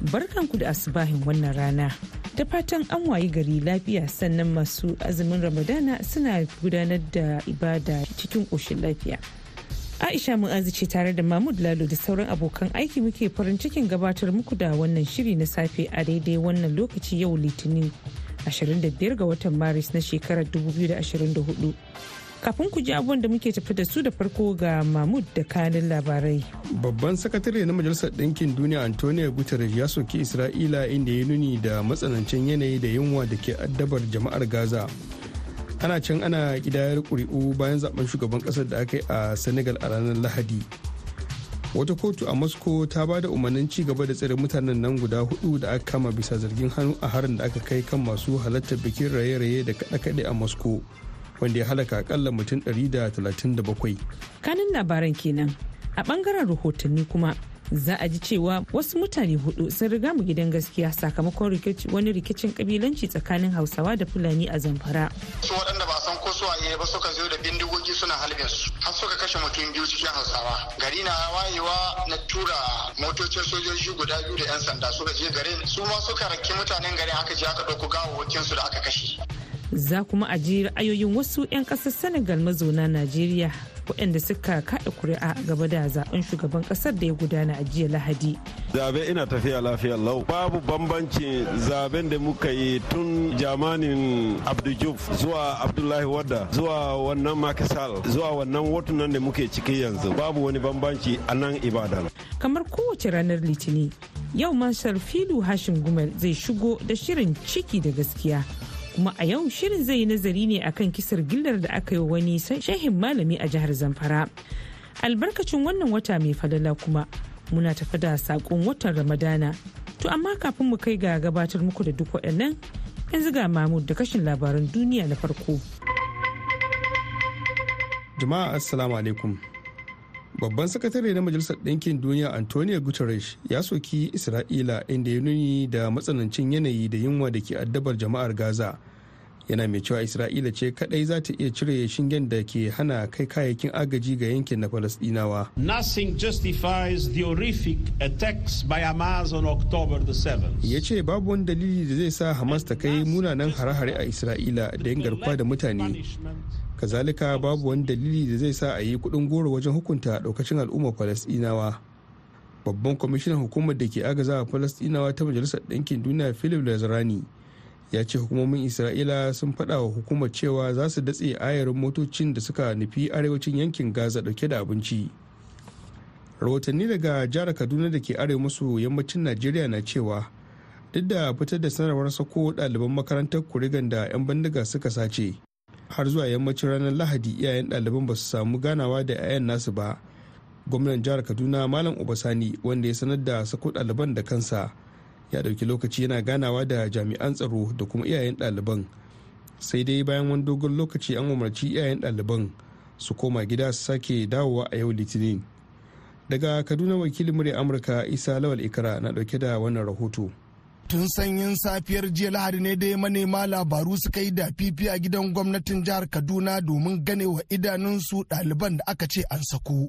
barkanku da asubahin wannan rana ta fatan an wayi gari lafiya sannan masu azumin ramadana suna gudanar da ibada cikin ƙoshin lafiya aisha mu'azu ce tare da mahmud lalo da sauran abokan aiki muke farin cikin gabatar muku da wannan shiri na safe a daidai wannan lokaci yau litinin 25 ga watan maris na shekarar 2024 kafin ku ji abubuwan da muke tafi da su da farko ga mahmud da kanin labarai babban sakatare na majalisar ɗinkin duniya antonio guterres ya soki isra'ila inda ya nuni da matsanancin yanayi da yunwa da ke addabar jama'ar gaza ana can ana kidayar ƙuri'u bayan zaben shugaban ƙasar da aka yi a senegal a ranar lahadi wata kotu a moscow ta ba da umarnin ci gaba da tsare mutanen nan guda hudu da aka kama bisa zargin hannu a harin da aka kai kan masu halartar bikin raye-raye da kaɗe-kaɗe a moscow wanda ya halaka akalla mutum 137 kanin labaran kenan a bangaren rahotanni kuma za a ji cewa wasu mutane hudu sun riga mu gidan gaskiya sakamakon wani rikicin kabilanci tsakanin hausawa da fulani a zamfara su waɗanda ba san ko su iya ba suka zo da bindigogi suna halbin su har suka kashe mutum biyu cikin hausawa gari na wayewa na tura motocin sojoji guda biyu da yan sanda suka je garin su ma suka raki mutanen gari aka je aka ɗauko gawawwakin su da aka kashe za kuma a ji ra'ayoyin wasu 'yan ƙasar senegal mazauna najeriya waɗanda suka kaɗa kuri'a gaba da zaben shugaban ƙasar da ya gudana a jiya lahadi zabe ina tafiya lafiya lau babu bambanci zaben da muka yi tun jamanin abdujuf zuwa abdullahi wadda zuwa wannan makisal zuwa wannan watunan da muke ciki yanzu babu wani bambanci a nan ibada. kamar kowace ranar litini yau man filu hashin gumel zai shigo da shirin ciki da gaskiya kuma a yau shirin zai yi nazari ne a kan kisar gillar da aka yi wani shehin malami a jihar zamfara albarkacin wannan wata mai falala kuma muna tafi da saƙon watan ramadana to amma kafin mu kai ga gabatar muku da duk waɗannan yanzu ga mahmud da kashin labaran duniya na farko jama'a assalamu alaikum babban sakatare na majalisar ɗinkin duniya antonio guterres ya soki isra'ila inda ya nuni da matsanancin yanayi da yunwa da ke addabar jama'ar gaza yana mai cewa isra'ila ce kadai za ta iya cire shingen da ke hana kai kayayyakin agaji ga yankin na falasdinawa nothing justifies the attacks by hamas on october ya ce babu wani dalili da zai sa hamas ta kai munanan hare-hare a isra'ila da yin garkuwa da mutane kazalika babu wani dalili da zai sa a yi kudin goro wajen hukunta daukacin al'ummar falasdinawa babban kwamishinan hukumar da ke a falasdinawa ta majalisar ɗinkin duniya philip lazarani ya ce hukumomin isra'ila sun faɗa wa hukumar cewa za su datse ayarin motocin da suka nufi arewacin yankin gaza dauke da abinci rahotanni daga jihar kaduna da ke arewa maso yammacin najeriya na cewa duk da fitar da sanarwar sako ɗaliban makarantar kurigan da 'yan bindiga suka sace har zuwa yammacin ranar lahadi iyayen ɗaliban ba su samu ganawa da 'ya'yan nasu ba gwamnan jihar kaduna malam obasani wanda ya sanar da sako ɗaliban da kansa ya ɗauki lokaci yana ganawa da jami'an tsaro da kuma iyayen ɗaliban sai dai bayan wani dogon lokaci an umarci iyayen ɗaliban su koma gida su sake dawowa a yau litinin daga kaduna wakilin murya amurka isa lawal ikara na ɗauke da wannan rahoto tun sanyin safiyar jiya lahadi ne dai manema labaru suka yi da fifi a gidan gwamnatin jihar kaduna domin ganewa idanunsu ɗaliban da aka ce an saku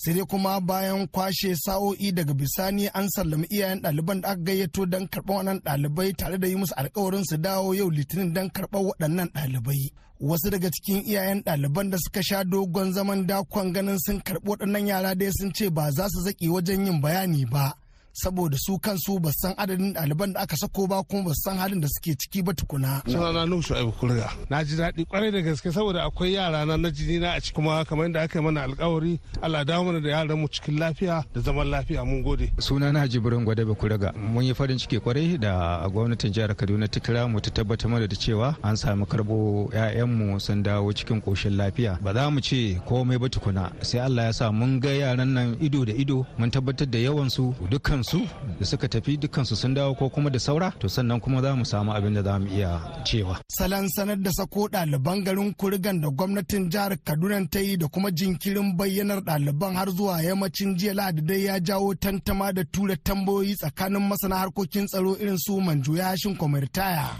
sai dai kuma bayan kwashe sa'o'i daga bisani an sallami iyayen ɗaliban da aka gayyato don karɓar wannan ɗalibai tare da yi musu alkawarin su dawo yau litinin don karɓar waɗannan ɗalibai wasu daga cikin iyayen ɗaliban da suka sha dogon zaman dakon ganin sun karɓi waɗannan yara dai sun ce ba za su zaƙi wajen yin bayani ba saboda su kansu ba san adadin ɗaliban da aka sako ba kuma ba san halin da suke ciki ba tukuna. Sunana Nuhu Shu'aibu Kurga. Na ji daɗi kwarai da gaske saboda akwai yara na na jini na a ciki kuma kamar yadda aka yi mana alƙawari Allah da mana da yaran mu cikin lafiya da zaman lafiya mun gode. Suna Sunana Jibrin Gwadabe Kurga. Mun yi farin ciki kwarai da gwamnatin jihar Kaduna ta kira mu ta tabbatar mana da cewa an samu karbo mu sun dawo cikin ƙoshin lafiya. Ba za mu ce komai ba tukuna sai Allah ya sa mun ga yaran nan ido da ido mun tabbatar da yawan su dukkan su da suka tafi dukansu sun dawo ko kuma da saura to sannan kuma za mu samu abin da za mu iya cewa. Salon sanar da sako ɗaliban garin kurgan da gwamnatin jihar Kaduna ta yi da kuma jinkirin bayyanar ɗaliban har zuwa yammacin jiya Lahadi dai ya jawo tantama da tura tambayoyi tsakanin masana harkokin tsaro irin su Manjo Yashin Kwamirtaya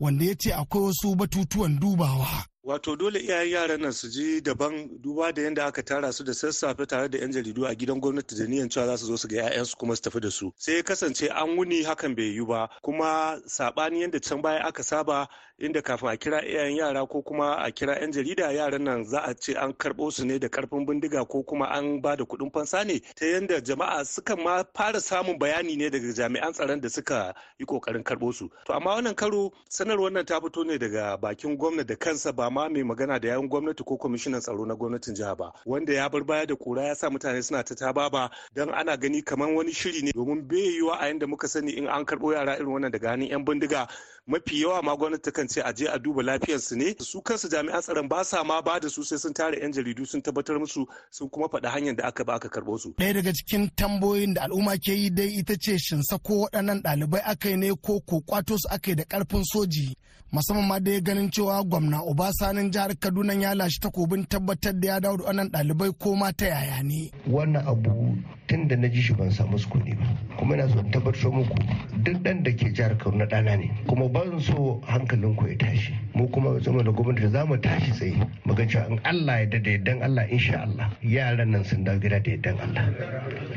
wanda ya ce akwai wasu batutuwan dubawa. Wato dole iyayen yaran nan su ji daban duba da yadda aka tara su da sassafe tare da 'yan jaridu a gidan gwamnati da niyan cewa za su zo su ga 'ya'yansu kuma su tafi da su. Sai kasance an wuni hakan bai yi ba kuma sabani yadda can baya aka saba inda kafin a kira iyayen yara ko kuma a kira 'yan jarida yaran nan za a ce an karbo su ne da karfin bindiga ko kuma an ba da kuɗin fansa ne ta yadda jama'a suka ma fara samun bayani ne daga jami'an tsaron da suka yi ƙoƙarin karbo su. To amma wannan karo sanarwar nan ta fito ne daga bakin gwamna da kansa ba ma mai magana da yan gwamnati ko kwamishinan tsaro na gwamnatin jiha ba wanda ya bar baya da kura ya sa mutane suna ta tababa don ana gani kamar wani shiri ne domin bai yiwa a yanda muka sani in an karɓo yara irin wannan daga hannun 'yan bindiga mafi yawa ma gwamnati kan ce a je a duba lafiyarsu ne su kansu jami'an tsaron ba sa ma ba da su sai sun tare yan jaridu sun tabbatar musu sun kuma faɗa hanyar da aka ba aka karɓo su. Ɗaya daga cikin tambayoyin da al'umma ke yi dai ita ce shin sako waɗannan ɗalibai aka yi ne ko ko kwato su aka yi da ƙarfin soji musamman ma dai ganin cewa gwamna Obasanin jihar Kaduna ya lashe takobin tabbatar da ya dawo da waɗannan ɗalibai ko ma ta yaya ne. Wannan abu tun da na ji shi ban samu sukuni ba kuma ina so tabbatar muku duk ɗan da ke jihar Kaduna ɗana ne kuma ban so hankalin ku ya tashi mu kuma zama da gwamnati da zamu tashi tsaye mu ga cewa in Allah ya dade dan Allah insha Allah yaran nan sun dawo gida da dan Allah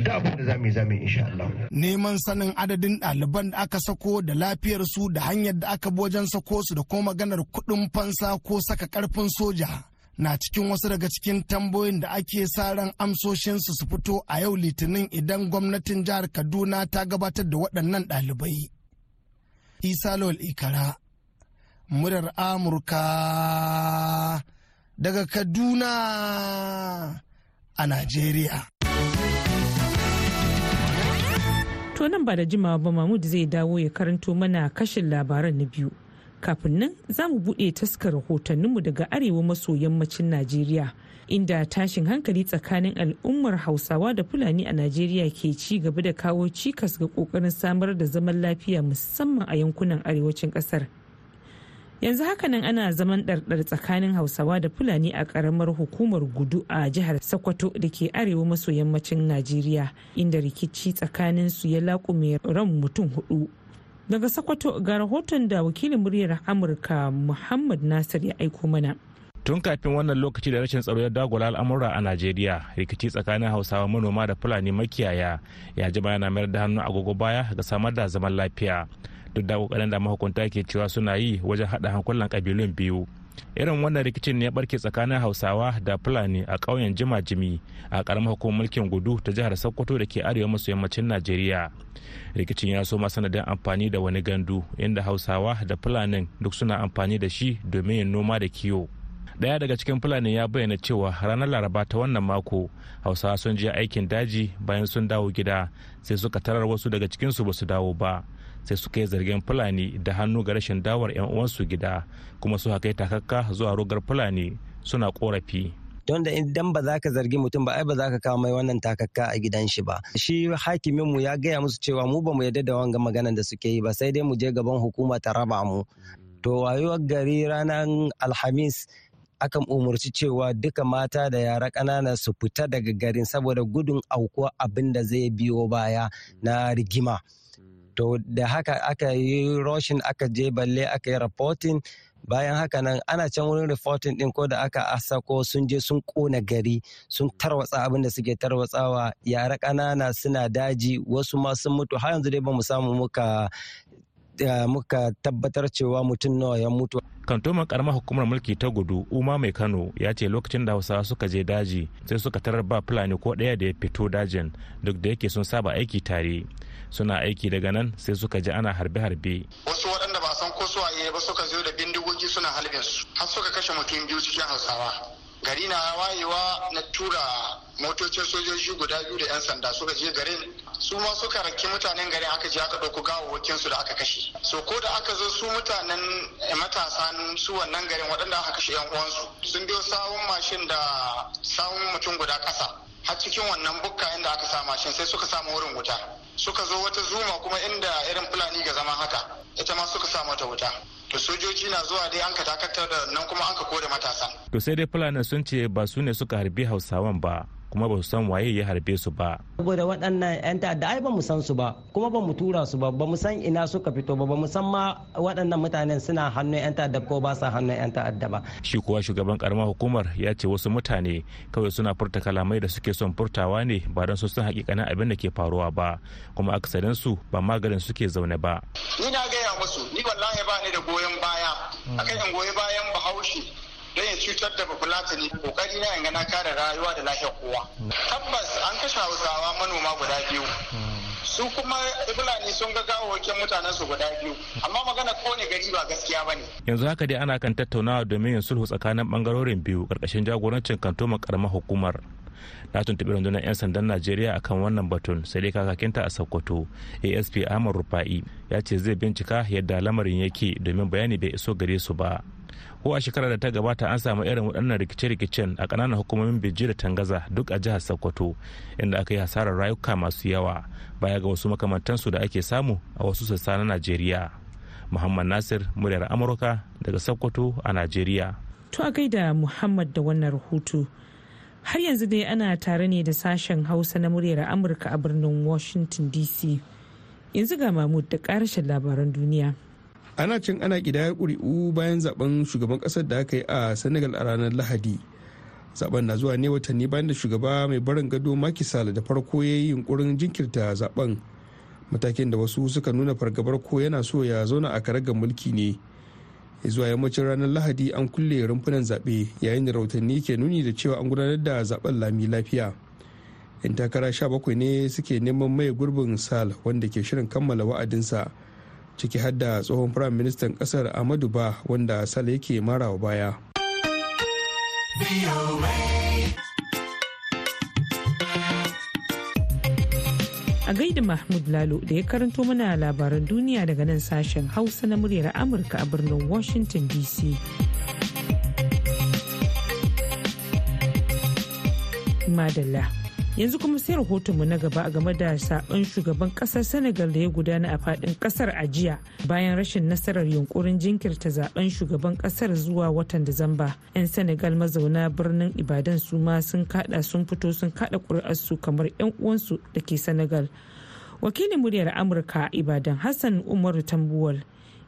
da abin da zamu yi zamu insha Allah neman sanin adadin ɗaliban da aka sako da lafiyar su da hanyar da aka bi wajen sako su da kuma maganar kuɗin fansa ko saka karfin soja na cikin wasu daga cikin tambayoyin da ake sa ran amsoshinsu su fito a yau litinin idan gwamnatin jihar kaduna ta gabatar da waɗannan ɗalibai isa lawal ikara murar amurka daga kaduna a najeriya to nan ba da jimawa ba mahmud zai dawo ya karanto mana kashin labaran na biyu kafin nan za mu buɗe taskar rahotanninmu daga arewa maso yammacin najeriya inda tashin hankali tsakanin al'ummar hausawa da fulani a najeriya ke ci gaba da kawo cikas ga kokarin samar da zaman lafiya musamman a yankunan arewacin kasar yanzu hakanan ana zaman ɗarɗar tsakanin hausawa da fulani a ƙaramar hukumar gudu a jihar sokoto da ke arewa maso yammacin najeriya inda rikici tsakanin su ya laƙume ran mutum hudu daga sokoto ga rahoton da wakilin muryar amurka muhammad nasir ya aiko mana tun kafin wannan lokaci da rashin tsaro ya dagula al'amura a najeriya rikici tsakanin hausawa manoma da fulani makiyaya ya jima yana mayar da hannu agogo baya ga samar da zaman lafiya duk da kokarin da mahukunta ke cewa suna yi wajen haɗa hankulan kabilun biyu irin wannan rikicin ne ya barke tsakanin hausawa da fulani a ƙauyen jima-jimi a ƙaramar hukumar mulkin gudu ta jihar sokoto da ke arewa maso yammacin najeriya rikicin ya so sanadin amfani da wani gandu inda hausawa da fulanin duk suna amfani da shi domin yin noma da kiwo daya daga cikin fulani ya bayyana cewa ranar laraba ta wannan mako hausawa sun je aikin daji bayan sun dawo gida sai suka tarar wasu daga cikinsu ba su dawo ba sai suka yi zargin fulani da hannu ga rashin dawar 'yan uwansu gida kuma su haka takakka zuwa rogar fulani suna korafi don da idan ba za ka zargi mutum ba ai ba za ka kawo mai wannan takakka a gidan shi ba shi hakimin mu ya gaya musu cewa mu ba mu yadda da wanga maganan da suke yi ba sai dai mu je gaban hukuma ta raba mu to wayuwar gari ranar alhamis akan umarci cewa duka mata da yara ƙanana su fita daga garin saboda gudun aukuwa abin da zai biyo baya na rigima hmm. to da haka aka yi roshin aka je balle aka yi reporting bayan haka nan ana can wurin reporting din ko da aka asako sun je sun kona gari sun tarwatsa abin da suke tarwatsawa yara ƙanana suna daji wasu ma sun mutu har yanzu dai ba mu samu muka muka tabbatar cewa mutum nawa ya mutu kantoman karamar hukumar mulki ta gudu uma mai kano ya ce lokacin da hausawa suka je daji sai suka tarar ba fulani ko ɗaya da ya fito dajin duk da yake sun saba aiki tare suna aiki daga nan sai suka ji ana harbe-harbe wasu waɗanda ba san ko su ba suka zo da bindigogi suna halbin su har suka kashe mutum biyu cikin hausawa gari na wayewa na tura motocin sojoji guda biyu da 'yan sanda suka je garin su ma suka raki mutanen garin aka je aka ɗauko gawawwakin su da aka kashe so ko da aka zo su mutanen eh, matasan su wannan garin waɗanda aka kashe 'yan uwansu sun biyo sawun mashin da sawun mutum guda ƙasa har cikin wannan bukka inda aka sa mashin sai suka samu wurin wuta suka zo wata zuma kuma inda irin fulani ga zama haka ita ma suka samu wata wuta to sojoji na zuwa dai an ka dakatar da nan kuma an ka kore matasan to sai dai fulani sun ce ba su ne suka harbi hausawan ba kuma ba su san waye ya harbe su ba saboda waɗannan 'yan ta'adda ai ba mu san su ba kuma ba mu tura su ba ba mu san ina suka fito ba ba mu san ma waɗannan mutanen suna hannun 'yan ta'adda ko ba sa hannun 'yan ta'adda ba shi kuwa shugaban karamar hukumar ya ce wasu mutane kawai suna furta kalamai da suke son furtawa ne ba don su san hakikanin abin da ke faruwa ba kuma aksarin su ba maganin suke zaune ba ni na gaya musu ni wallahi ba ni da goyon baya akan goyi bayan bahaushe na ya cutar da bafulatani kokari na yanga na kare rayuwa da lafiyar kowa tabbas an kashe hausawa manoma guda biyu su kuma fulani sun ga gawawakin mutanen su guda biyu amma magana ne gari ba gaskiya bane yanzu haka dai ana kan tattaunawa domin yin sulhu tsakanin bangarorin biyu karkashin jagorancin ma karamar hukumar na tuntuɓi rundunar 'yan sandan najeriya akan wannan batun sai dai kakakinta a sokoto asp ahmad rufa'i ya ce zai bincika yadda lamarin yake domin bayani bai iso gare su ba ko a shekarar da ta gabata an samu irin waɗannan rikice-rikicen a ƙananan hukumomin bejji da tangaza duk a jihar sokoto inda aka yi hasarar rayuka masu yawa baya ga wasu makamantansu da ake samu a wasu sassa na najeriya muhammad nasir muryar amurka daga sokoto a najeriya to a gaida muhammad da wannan rahoto har yanzu dai ana tare ne da sashen hausa na muryar amurka a birnin washington dc yanzu ga mahmud da ƙarashin labaran duniya ana can ana kidayar ƙuri'u bayan zaben shugaban ƙasar da aka yi a senegal a ranar lahadi zaben na zuwa ne watanni bayan da shugaba mai barin gado makisal da farko ya yi yunkurin jinkirta zaben matakin da wasu suka nuna fargabar ko yana so ya zauna a karagar mulki ne zuwa yammacin ranar lahadi an kulle rumfunan zaɓe yayin da rahotanni ke nuni da cewa an gudanar da zaben lami lafiya yan takara 17 ne suke neman maye gurbin sal wanda ke shirin kammala wa'adinsa ciki har da tsohon firayim ministan kasar amadu ba wanda sale yake marawa baya a gaida mahmud lalo da ya karanto mana labaran duniya daga nan sashen hausa na muryar amurka a birnin washington dc madalla yanzu kuma sai rahotonmu na gaba game da saɓon shugaban ƙasar senegal da ya gudana a faɗin ƙasar a jiya bayan rashin nasarar yunkurin jinkirta zaben shugaban ƙasar zuwa watan disamba 'yan senegal mazauna birnin ibadan su ma sun kaɗa sun fito sun kaɗa ƙuri'arsu kamar 'yan uwansu da ke senegal wakilin muryar amurka ibadan hassan umaru tambuwal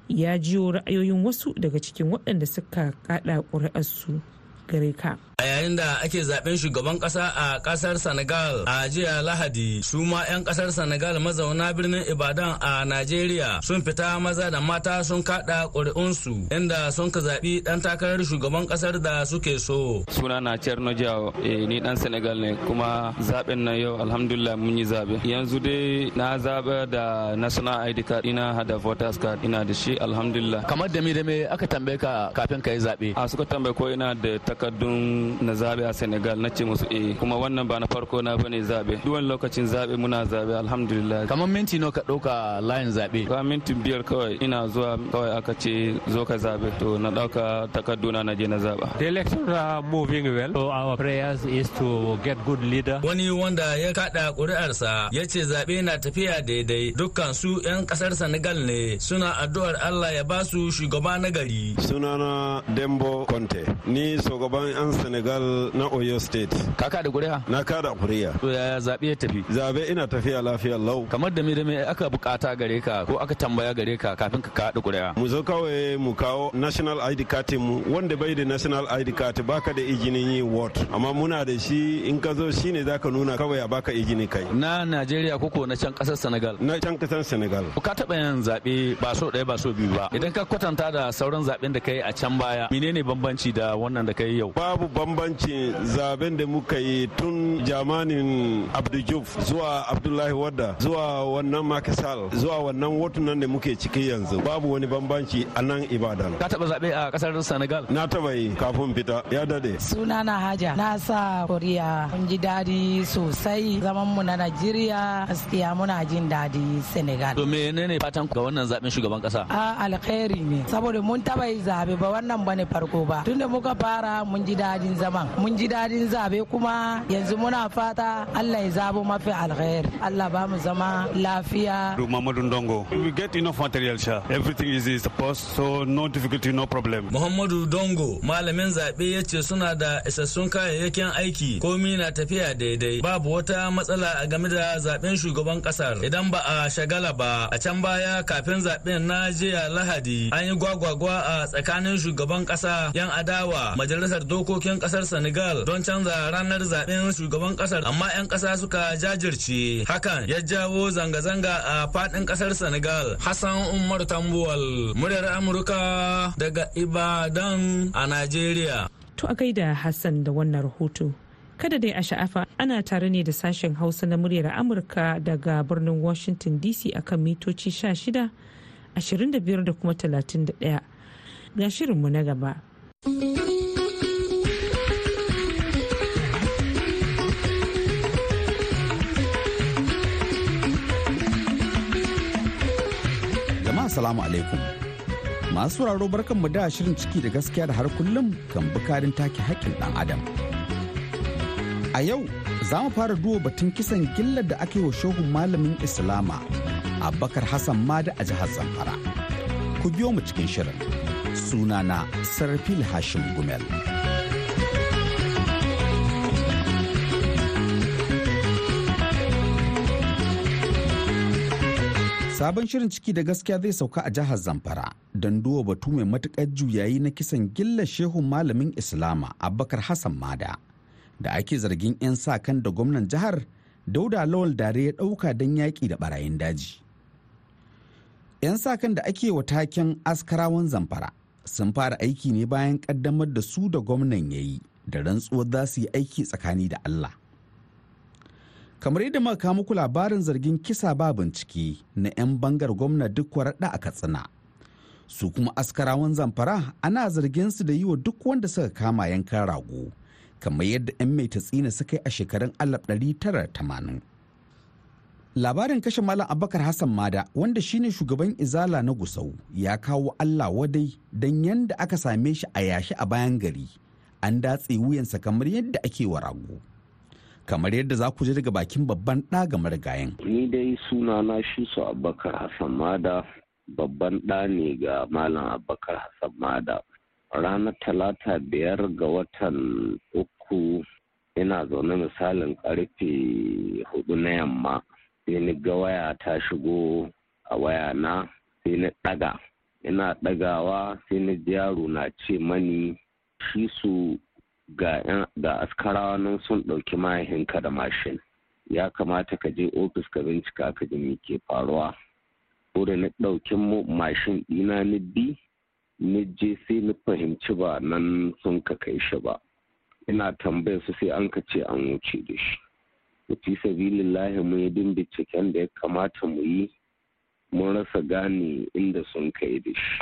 ya jiyo ra'ayoyin wasu daga cikin waɗanda suka kaɗa ƙuri'arsu. gare ka. a yayin da ake zaben shugaban kasa a kasar senegal a jiya lahadi su ma 'yan kasar senegal mazauna birnin ibadan a najeriya sun fita maza da mata sun kada ƙuri'unsu inda sun ka zaɓi ɗan takarar shugaban kasar da suke so suna na cerno jawo eh, ni ɗan senegal ne kuma zaben na yau alhamdulillah mun yi zabe yanzu dai na zaɓe da national id card ina hada voters card ina da shi alhamdulillah kamar da me da me aka tambaye ka kafin ka yi zaɓe a suka tambaye ko ina da takardun na zabe a Senegal na ce musu eh kuma wannan ba na farko na bane zabe duwan lokacin zabe muna zabe alhamdulillah kamar minti nawa ka dauka layin zabe ba minti biyar kawai ina zuwa kawai aka ce zo ka zabe to na dauka takarduna na je na zaba the election are moving well so our prayers is to get good leader wani wanda ya kada kuri'arsa ya ce zabe na tafiya daidai dukkan su yan kasar Senegal ne suna addu'ar Allah ya ba su shugaba na gari sunana Dembo Conte ni shugaba shugaban 'yan Senegal na Oyo State. Ka da kuri'a? Na da kuri'a. To yaya zaɓe ya tafi? Zaɓe ina tafiya lafiya lau. Kamar da mai aka bukata gare ka ko aka tambaya gare ka kafin ka kaɗa kuri'a? Mu zo kawai mu kawo National ID Card mu wanda bai da National ID Card baka da izinin yi ward amma muna da shi in ka zo shine zaka nuna kawai a baka izini kai. Na Najeriya koko na can ƙasar Senegal. Na can ƙasar Senegal. Ka taɓa yin zaɓe ba so ɗaya ba so biyu ba. Idan ka kwatanta da sauran zaɓen da kai a can baya menene bambanci da wannan da kai yau babu bambanci zaben da muka yi tun jamanin abdujuf zuwa abdullahi wadda zuwa wannan makisal zuwa wannan watunan da muke ciki yanzu babu wani bambanci a nan ibadan ka taba zabe a kasar senegal na taba yi kafin fita ya dade suna na haja na sa koriya mun ji dadi sosai zaman mu na najeriya gaskiya muna jin dadi senegal to menene fatan ga wannan zaben shugaban kasa a alkhairi ne saboda mun taba yi zabe ba wannan bane farko ba tunda muka fara mun ji dadin zaman mun ji dadin zabe kuma yanzu muna fata Allah ya zabo mafi alkhair Allah ba mu zama lafiya Muhammadu Dongo we get enough material sha everything is is post so no difficulty no problem Muhammadu Dongo malamin zabe yace suna da isassun kayayyakin aiki komi na tafiya daidai babu wata matsala a game da zaben shugaban kasar idan ba a shagala ba a can baya kafin zaben na jiya Lahadi an yi gwagwagwa a tsakanin shugaban kasa yan adawa majalisar majalisar dokokin kasar Senegal don canza ranar zaben shugaban kasar amma 'yan kasa suka jajirce hakan ya jawo zanga-zanga a fadin kasar Senegal. Hassan Umar Tambuwal muryar Amurka daga Ibadan a nigeria. To a gaida Hassan da wannan rahoto. Kada dai a sha'afa ana tare ne da sashen Hausa na muryar Amurka daga birnin Washington DC akan mitoci 16, 25 da kuma 31. Ga shirinmu na gaba. Assalamu alaikum. Masu sauraro barkanmu da shirin ciki da gaskiya da har kullum kan bukarin take haƙƙin ɗan adam. A yau za mu fara duba batun kisan gillar da ake yi wa shohun malamin Islama a Bakar Hassan Mada a jihar Zamfara. Ku biyo mu cikin shirin. Sunana Sarfil Hashim Gumel. Sabon shirin ciki da gaskiya zai sauka a jihar Zamfara don duwa batu mai matukar juyayi na kisan gilla shehun malamin Islama Abubakar Hassan Mada da ake zargin 'yan sa kan da gwamnan jihar Dauda Lawal Dare ya ɗauka don yaƙi da barayin daji. 'Yan sa kan da ake wa taken askarawan Zamfara sun fara aiki ne bayan ƙaddamar da su da gwamnan ya yi da rantsuwar za su yi aiki tsakani da Allah. kamar yadda muka kawo muku labarin zargin kisa ba bincike na 'yan bangar gwamna duk waraɗa a katsina su kuma askarawan zamfara ana zargin su da yi wa duk wanda suka kama yankan rago kamar yadda 'yan mai tatsina suka yi a shekarun 1980 labarin kashe malam abakar hassan mada wanda shine shugaban izala na gusau ya kawo allah wadai don yadda aka same shi a yashi a bayan gari an datse wuyansa kamar yadda ake wa rago kamar yadda za ku je daga bakin babban ɗa ga marigayen. Ni dai suna na shi Abubakar Hassan Mada babban ɗa ne ga Malam Abubakar Hassan Mada. Ranar talata biyar ga watan uku ina zaune misalin karfe hudu na yamma sai ni ga waya ta shigo a waya na sai ni ɗaga. Ina ɗagawa sai ni yaro na ce mani shi su ga askarawa nan sun ɗauki mahaihinka da mashin ya kamata ka je ofis ka bincika ka ji me ke faruwa ko da na ɗaukin mashin ɗina na bi na je sai na fahimci ba nan sun ka kai shi ba ina tambayar su sai an ka ce an wuce da shi fi sabilillahi mu yi din binciken da ya kamata mu yi mun rasa gane inda sun kai da shi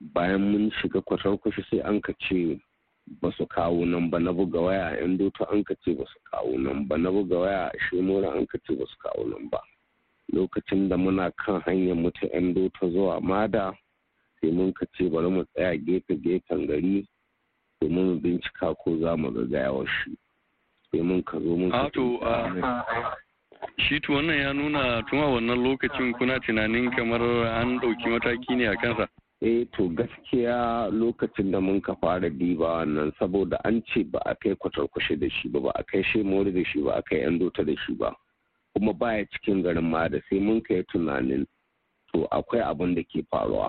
bayan mun shiga kwatar kwashe sai an ka ce ba su kawo nan ba na buga waya a yan doto an ka ce ba su kawo nan ba na buga waya a shemora an ka ce ba su kawo nan ba lokacin da muna kan hanyar mu ta yan doto zuwa mada sai mun ka ce bari mu tsaya gefe gefen gari domin bincika ko za mu ga gayawar shi sai mun ka zo mun ah, shi to wannan ya nuna Tuma wannan lokacin kuna tunanin kamar an ɗauki mataki ne a kansa eh to gaskiya lokacin da mun ka fara diba wannan saboda an ce ba a kai kwatarkwashe da shi ba ba a kai mori da shi ba a kai yandota da shi ba kuma baya cikin garin ma da sai mun kai tunanin to akwai abin da ke faruwa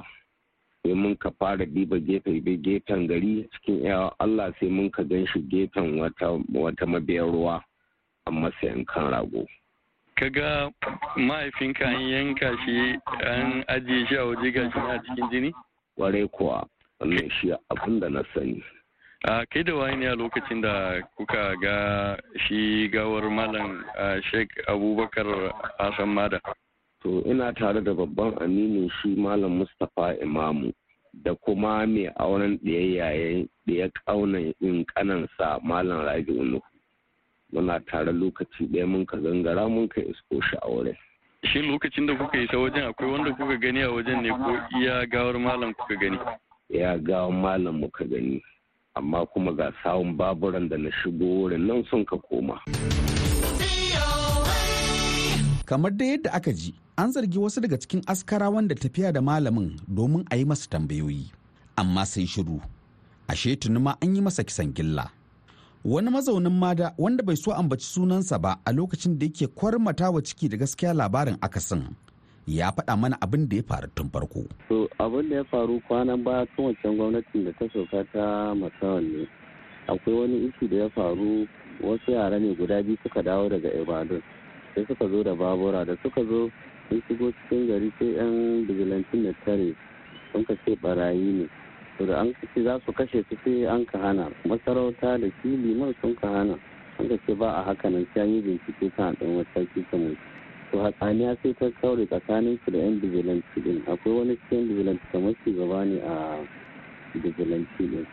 sai mun ka fara diba gefe bai gefen gari cikin ya Allah sai mun ka gan shi gefen wata mabiyar ruwa a sai kan rago kaga mahaifinka an yanka shi an ajiye shi a waje ga shi a cikin jini? Ware kuwa, wannan shi abin da na sani. A kai da wani a lokacin da kuka ga shi gawar malam Sheikh Abubakar Hassan Mada. To ina tare da babban aminin shi malam Mustapha Imamu da kuma mai auren ɗaya yayin ɗaya kaunan in ƙanansa malam Rabi'u Nuhu. muna tare lokaci ɗaya mun ka gangara mun ka isko shi a wurin Shin lokacin da kuka isa wajen akwai wanda kuka gani a wajen ne ko iya gawar malam kuka gani iya gawar malam muka gani amma kuma ga sawun baburan da na shigo wurin nan sun ka koma kamar da yadda aka ji an zargi wasu daga cikin askara wanda tafiya da malamin domin a yi masu tambayoyi amma sai shiru ashe tuni ma an yi masa kisan gilla wani mazaunin mada wanda bai so ambaci sunansa ba a lokacin da yake kwarmatawa wa ciki da gaskiya labarin akasin ya faɗa mana abin da ya faru tun farko. To abin da ya faru kwanan baya tun wancan gwamnatin da ta sauka ta musamman ne. Akwai wani isu da ya faru wasu yara ne guda biyu suka dawo daga ibadun Sai suka zo da babura da suka zo sun shigo cikin gari sai 'yan bijilantin da tare sun ka ce barayi ne. to da an kace za su kashe su sai an ka hana masarauta da shi liman sun ka hana wanda ce ba a haka nan sai yi bincike kan ɗan mataki kamar to hatsaniya sai ta kaure tsakanin su da yan bijilanci din akwai wani cikin bijilanci kamar su gaba ne a bijilanci din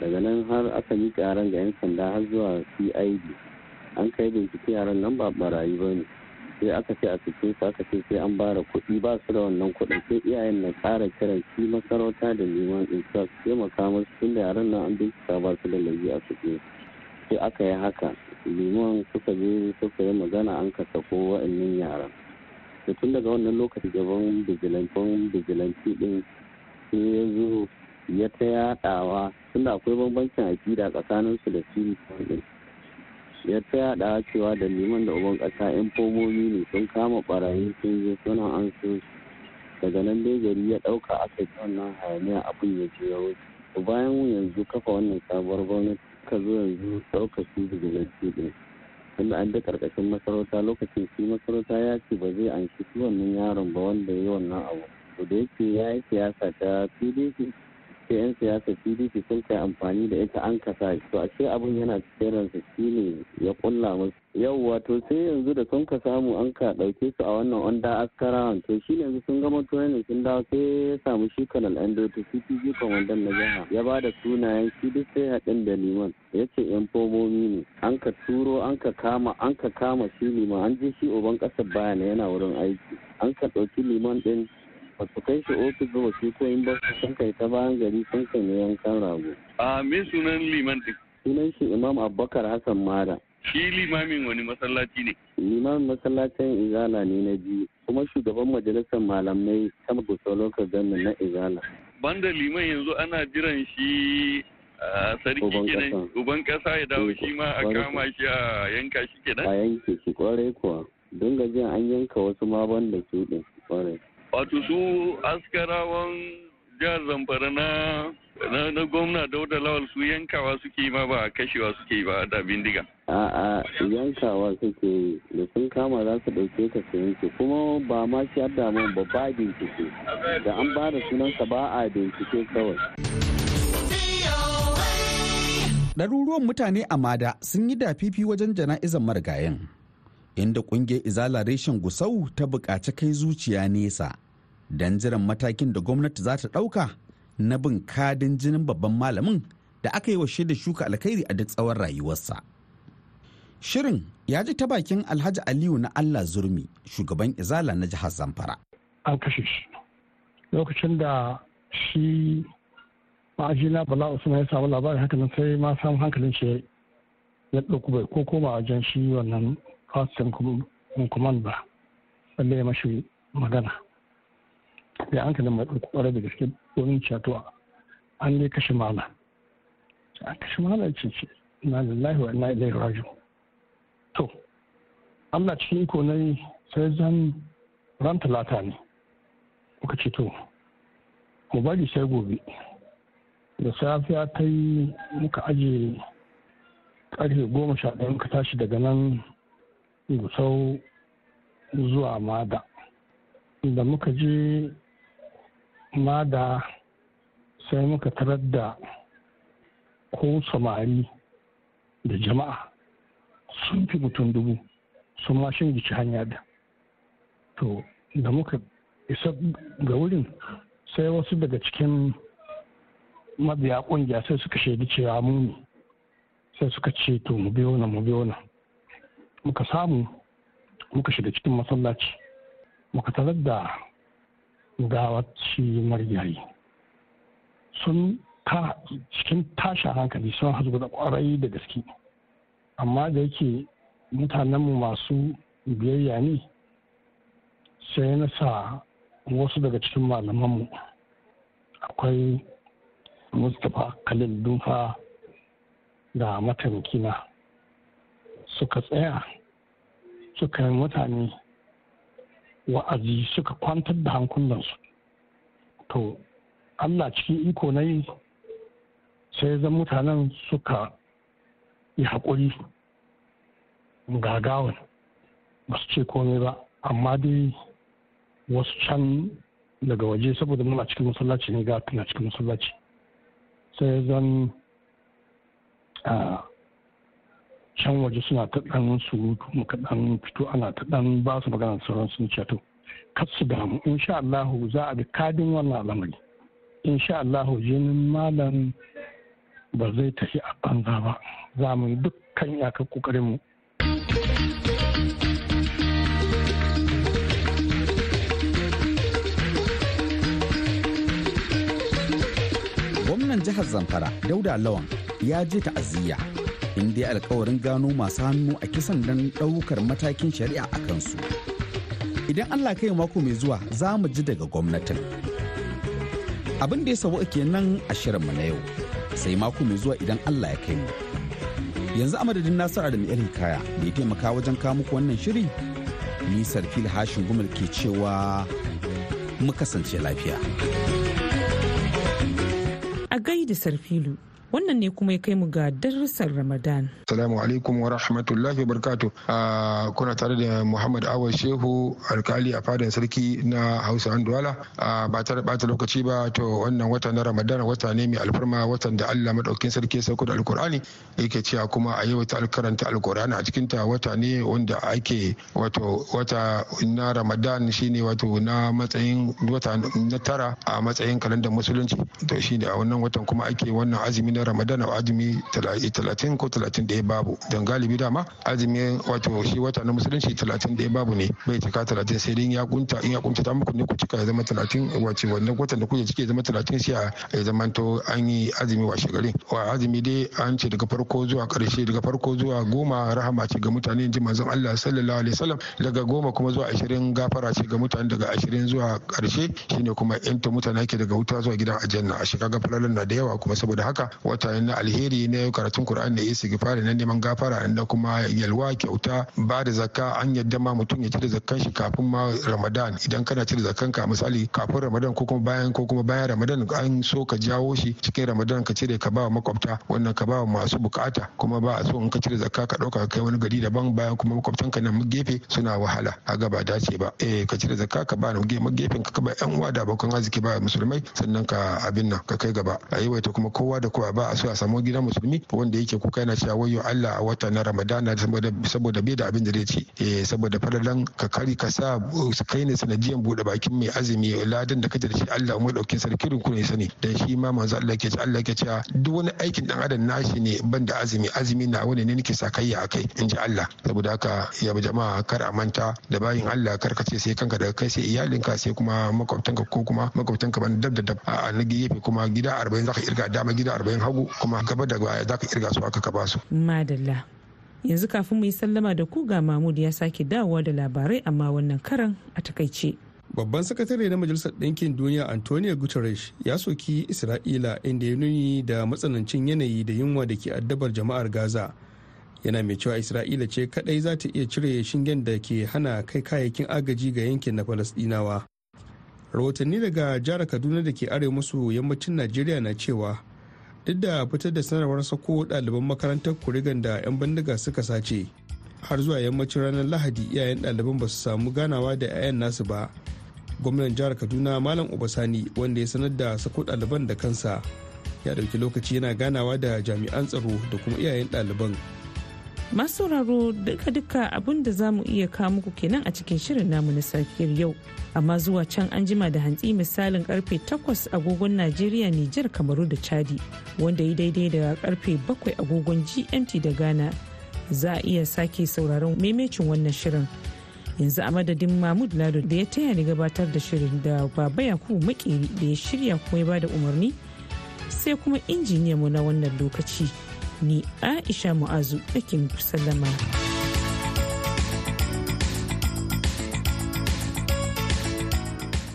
daga nan har aka yi karan ga yan sanda har zuwa cid an kai bincike yaran nan ba barayi ba ne sai aka ce a cikin su aka ce sai an bara kuɗi ba su da wannan kuɗin sai iyayen na ƙara kiran shi masarauta da neman insa su taimaka musu tun da yaran nan an bincika ba su da lalle a cikin sai aka yi haka liman suka je suka yi magana an ka sako wa'annan yaran da tun daga wannan lokaci gaban bijilantan bijilanti din sai ya zo ya ta yaɗawa tunda akwai bambancin akida tsakaninsu da su ya ta yada cewa da liman da uban kasa yan fomomi ne sun kama ɓarayin sun je suna an su daga nan dai gari ya ɗauka aka yi wannan hayaniya abin ya je ya wuce bayan yanzu kafa wannan sabuwar gwamnati ka zo yanzu dauka su daga lantarki din tunda an da karkashin masarauta lokacin shi masarauta ya ce ba zai an shi wannan yaron ba wanda ya yi wannan abu to da yake ya yi siyasa ta pdp sai 'yan siyasa pdp sun kai amfani da ita an kasa to ashe abin yana cikin ransa shine ya kulla musu yau wato sai yanzu da sun ka samu an ka ɗauke su a wannan onda askara to shi yanzu sun gama training sun dawo sai ya samu shi kanal ando to cpg kwamandan na jiha ya ba da sunayen shi duk sai haɗin da liman ya ce yan fomomi ne an ka turo an ka kama an ka kama shi liman an je shi oban ƙasar bayana yana wurin aiki an ka ɗauki liman ɗin ba kai shi ofis ba su ko in ba sun kai ta bayan gari sun kai ne yankan rago. a me sunan liman din. sunan shi imam abubakar hassan mara. shi limamin wani masallaci ne. limamin masallacin izala ne na biyu kuma shugaban majalisar malamai ta gusolokar gamin na izala. banda liman yanzu ana jiran shi sarki kenan uban kasa ya dawo shi ma a kama shi a yanka shi kenan. a yanke shi kwarai kuwa don gajiya an yanka wasu ma banda su din kwarai. wato su askarawan jihar zamfara na na gwamna dauda lawal su yankawa suke ma ba kashewa suke ba da bindiga a'a yankawa suke da sun kama za su ɗauke ka su kuma ba ma shi damun ba ba bincike da an ba da sunansa ba a bincike kawai ɗaruruwan mutane a mada sun yi dafifi wajen jana'izan marigayen inda kungiyar izala reshen gusau ta bukaci kai zuciya nesa don jiran matakin da gwamnati za ta ɗauka na bin kadin jinin babban malamin da aka yi wa da shuka alkhairi a duk tsawon rayuwarsa shirin ya ji ta bakin alhaji aliyu na allah zurmi shugaban izala na jihar zamfara an kashe shi lokacin da shi ma'ajina bala usman ya samu labarin haka nan sai ma samu hankalin shi ya ɗauku bai ko koma wajen shi wannan constant command ba wanda ya mashi magana da an kada mai ɗauki ƙwarar da gaske domin cato an ne kashe mala an kashe mala ce ce na lillahi wa ina ilai raju. to Allah cikin iko yi sai zan ran talata ne muka ce to mu bari sai gobe da safiya ta yi muka ajiye karfe goma sha ɗaya muka tashi daga nan gusau zuwa mada da muka je mada sai muka tarar da ko samari da jama'a sun fi mutum dubu sun ma gici hanya da to da muka isa ga wurin sai wasu daga cikin mabiya kungiya sai suka shaidi cewa Muni, sai suka ce to mu biyo na mu biyo na muka samu muka shiga cikin masallaci muka tarar da gawaci marigayi sun ta cikin tashin hankali sun hasu da kwarai da gaske amma da yake mutanenmu masu biyayya ne sai na sa wasu daga cikin malamanmu akwai mustapha khalil Dunfa da mataimakina suka tsaya suka yi mutane wa'azi suka kwantar da hankulansu to allah cikin iko na yi sai zan mutanen suka yi haƙuri gagawan ba su ce komai ba amma dai wasu can daga waje saboda muna cikin masallaci ne ga tuna cikin masallaci sai zan ah, can waje suna ta ɗan surutu muka ɗan fito ana ta ɗan ba su magana sauran sun ce to kar su damu insha Allah za a bi kadin wannan al'amari insha Allah jinin malam ba zai tafi a banza ba za mu yi dukkan iyakar mu gwamnan jihar zamfara dauda lawan ya je ta'aziyya in dai alkawarin gano masu hannu a kisan don ɗaukar matakin shari'a a kansu idan allah kai mako mai zuwa za mu ji daga gwamnatin abin da ya sabu nan a shirinmu na yau sai mako mai zuwa idan allah ya kai mu yanzu a madadin nasar adam hikaya kaya mai taimaka wajen kawo muku wannan shiri nisar fil hashin gumal ke cewa mu kasance lafiya a gaida sarfilu wannan ne kuma ya kai mu ga darussan ramadan assalamu alaikum wa rahmatullahi wa a kuna tare da muhammad awal shehu alkali a fadan sarki na hausa anduwala ba tare bata lokaci ba to wannan wata na ramadan wata ne mai alfarma watan da allah madaukin sarki sauko da alkur'ani yake cewa kuma a yau ta alkaranta alkur'ani a cikin ta wata ne wanda ake wato wata na ramadan shine wato na matsayin wata na tara a matsayin kalandar musulunci to shine a wannan watan kuma ake wannan azumin ramadan azumi 30 ko 31 babu don galibi dama azumi wato shi wata na musulunci 31 babu ne bai cika 30 sai dai ya kunta in ya kunta ta muku ne ku cika ya zama 30 wace wannan watan da kuke cike zama 30 sai ya zama to an yi azumi washe garin wa azumi dai an ce daga farko zuwa karshe daga farko zuwa goma rahama ce ga mutane ji manzon Allah sallallahu alaihi wasallam daga goma kuma zuwa 20 gafara ce ga mutane daga 20 zuwa karshe shine kuma yanta mutane ke daga wuta zuwa gidan aljanna a shiga gafarar na da yawa kuma saboda haka wata na alheri na karatun ne da gifari na neman gafara inda kuma yalwa kyauta ba da zakka an yadda ma mutum ya cire zakkan shi kafin ma Ramadan idan kana cire zakkan ka misali kafin Ramadan ko kuma bayan ko kuma bayan Ramadan an so ka jawo shi cikin Ramadan ka cire ka ba wa makwabta wannan ka ba wa masu bukata kuma ba a so in ka cire zakka ka dauka kai wani gari daban bayan kuma ka na gefe suna wahala a gaba dace ba E, ka cire zakka ka ba ni gefen ka ba yan uwa da abokan arziki ba musulmai sannan ka abin nan ka kai gaba a yi kuma kowa da kowa ba a so a samu gidan musulmi wanda yake kuka yana cewa wayo Allah a wata na Ramadana saboda bai da abin da zai ci eh saboda fadalan ka kari ka sa eh, kai ne sanadiyan bude bakin mai azumi ladan da kaje da shi Allah mu daukin sarki rinku ne sani dan shi ma manzo Allah ke Allah ke cewa duk wani aikin dan adam nashi ne banda azumi azumi na wani ne nake kai akai in ji Allah saboda haka ya jama'a kar a manta da bayin Allah kar ka ce sai kanka daga kai sai iyalinka sai kuma makwabtanka ko kuma makwabtanka ban dab da dab a na gefe kuma gida 40 zaka irga dama gida 40 hagu kuma gaba da baya za ka kirga su aka ka su. Madalla. Yanzu kafin mu yi sallama da ku ga Mahmud ya sake dawowa da labarai amma wannan karan a takaice. Babban sakatare na Majalisar Ɗinkin Duniya Antonio Guterres ya soki Isra'ila inda ya nuni da matsanancin yanayi da yunwa da ke addabar jama'ar Gaza. Yana mai cewa Isra'ila ce kadai za ta iya cire shingen da ke hana kai kayayyakin agaji ga yankin na Falasɗinawa. Rahotanni daga jihar Kaduna da ke arewa maso yammacin Najeriya na cewa duk da fitar da sanarwar sako ɗaliban makarantar kurigan da 'yan bindiga suka sace har zuwa yammacin ranar lahadi iyayen ɗaliban ba su samu ganawa da 'ya'yan nasu ba gwamnan jihar kaduna malam obasani wanda ya sanar da sako ɗaliban da kansa ya ɗauki lokaci yana ganawa da jami'an tsaro da kuma iyayen ɗaliban masu sauraro duka-duka abin da za mu iya kawo muku kenan a cikin shirin namu na safiyar yau amma zuwa can an jima da hantsi misalin karfe 8 agogon najeriya nijar kamaru da chadi wanda ya daidai da karfe 7 agogon gmt da ghana za a iya sake sauraron maimacin wannan shirin yanzu a madadin mahmud lado da ya taya ni gabatar da shirin da baba yakubu makeri da ya shirya kuma ya bada umarni sai kuma injiniyan mu na wannan lokaci. ni aisha mu'azu nake muku sallama.